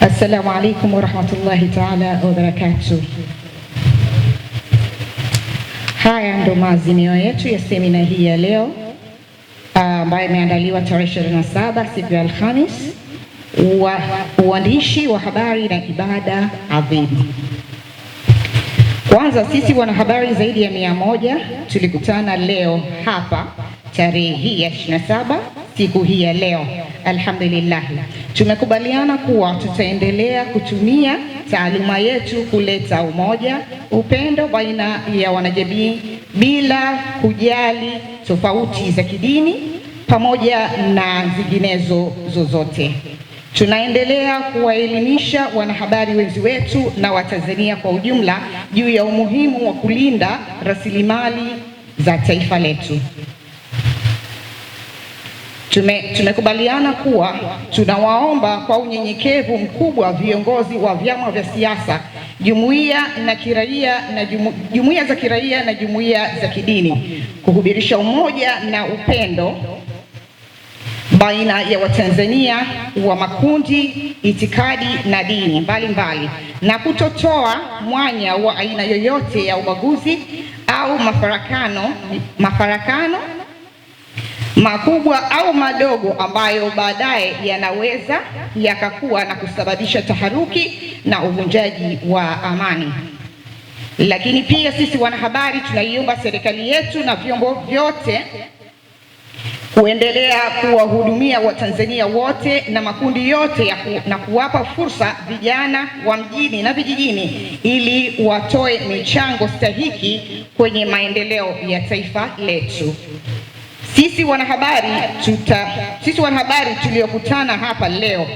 Assalamu alaikum warahmatullahi taala wabarakatuh Haya ndo maazimio yetu ya semina hii ya leo ah, ambayo uh, imeandaliwa tarehe 27 siku ya Alhamis uandishi wa habari na ibada adhimu. Kwanza sisi wanahabari zaidi ya mia moja tulikutana leo hapa tarehe hii ya 27 siku hii ya leo. Alhamdulillah, tumekubaliana kuwa tutaendelea kutumia taaluma yetu kuleta umoja, upendo baina ya wanajamii bila kujali tofauti za kidini pamoja na zinginezo zozote. Tunaendelea kuwaelimisha wanahabari wenzi wetu na Watanzania kwa ujumla juu ya umuhimu wa kulinda rasilimali za taifa letu. Tume, tumekubaliana kuwa tunawaomba kwa unyenyekevu mkubwa viongozi wa vyama vya siasa, jumuiya na kiraia na jumu, jumuiya za kiraia na jumuiya za kidini kuhubirisha umoja na upendo baina ya Watanzania wa makundi, itikadi na dini mbalimbali mbali, na kutotoa mwanya wa aina yoyote ya ubaguzi au mafarakano mafarakano makubwa au madogo ambayo baadaye yanaweza yakakuwa na kusababisha taharuki na uvunjaji wa amani. Lakini pia sisi wanahabari tunaiomba serikali yetu na vyombo vyote kuendelea kuwahudumia Watanzania wote na makundi yote ya ku, na kuwapa fursa vijana wa mjini na vijijini ili watoe michango stahiki kwenye maendeleo ya taifa letu. Sisi wanahabari tuta, sisi wanahabari tuliokutana hapa leo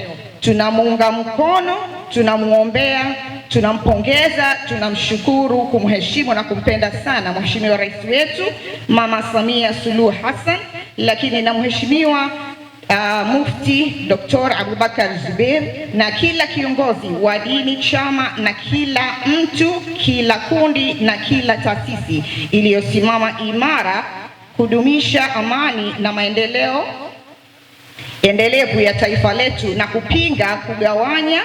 tunamuunga mkono, tunamwombea, tunampongeza, tunamshukuru, kumheshimu na kumpenda sana Mheshimiwa Rais wetu Mama Samia Suluhu Hassan, lakini na Mheshimiwa Uh, Mufti Dr. Abubakar Zubeir na kila kiongozi wa dini, chama na kila mtu, kila kundi na kila taasisi iliyosimama imara kudumisha amani na maendeleo endelevu ya taifa letu na kupinga kugawanya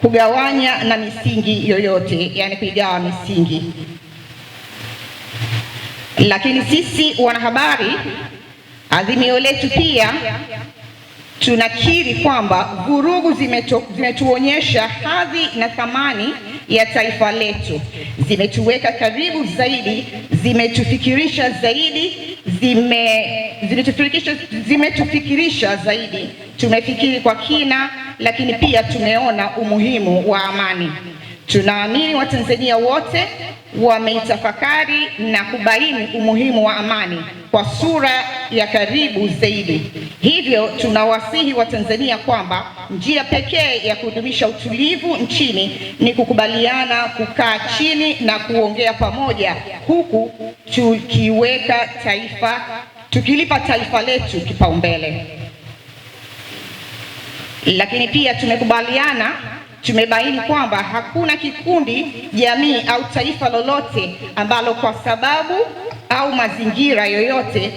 kugawanya na misingi yoyote, yani kuigawa misingi. Lakini sisi wanahabari, azimio letu pia tunakiri kwamba vurugu zimetuonyesha hadhi na thamani ya taifa letu, zimetuweka karibu zaidi, zimetufikirisha zaidi zimetufikirisha zime zaidi, tumefikiri kwa kina, lakini pia tumeona umuhimu wa amani. Tunaamini Watanzania wote wameitafakari na kubaini umuhimu wa amani kwa sura ya karibu zaidi. Hivyo tunawasihi Watanzania kwamba njia pekee ya kudumisha utulivu nchini ni kukubaliana kukaa chini na kuongea pamoja, huku tukiweka taifa, tukilipa taifa letu kipaumbele. Lakini pia tumekubaliana tumebaini kwamba hakuna kikundi, jamii au taifa lolote ambalo kwa sababu au mazingira yoyote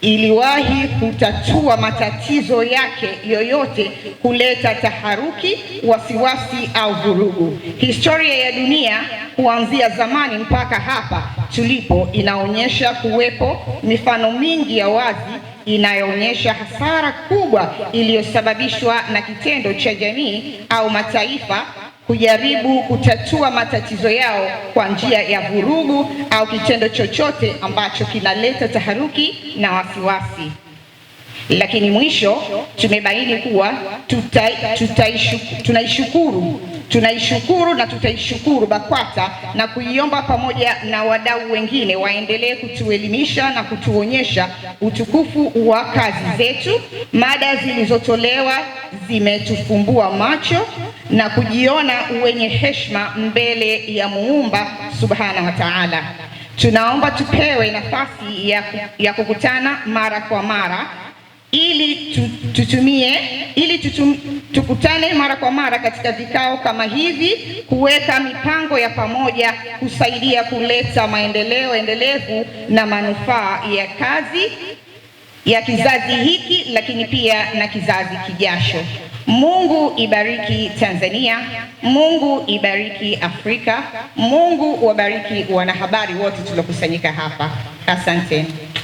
iliwahi kutatua matatizo yake yoyote, kuleta taharuki, wasiwasi au vurugu. Historia ya dunia kuanzia zamani mpaka hapa tulipo inaonyesha kuwepo mifano mingi ya wazi inayoonyesha hasara kubwa iliyosababishwa na kitendo cha jamii au mataifa kujaribu kutatua matatizo yao kwa njia ya vurugu au kitendo chochote ambacho kinaleta taharuki na wasiwasi. Lakini mwisho tumebaini kuwa tuta, tunaishukuru tunaishukuru na tutaishukuru BAKWATA na kuiomba pamoja na wadau wengine waendelee kutuelimisha na kutuonyesha utukufu wa kazi zetu. Mada zilizotolewa zimetufumbua macho na kujiona wenye heshima mbele ya Muumba subhana wa taala. Tunaomba tupewe nafasi ya, ya kukutana mara kwa mara ili tutumie ili tutum, tukutane mara kwa mara katika vikao kama hivi, kuweka mipango ya pamoja, kusaidia kuleta maendeleo endelevu na manufaa ya kazi ya kizazi hiki, lakini pia na kizazi kijacho. Mungu ibariki Tanzania, Mungu ibariki Afrika, Mungu wabariki wanahabari wote tuliokusanyika hapa. Asante.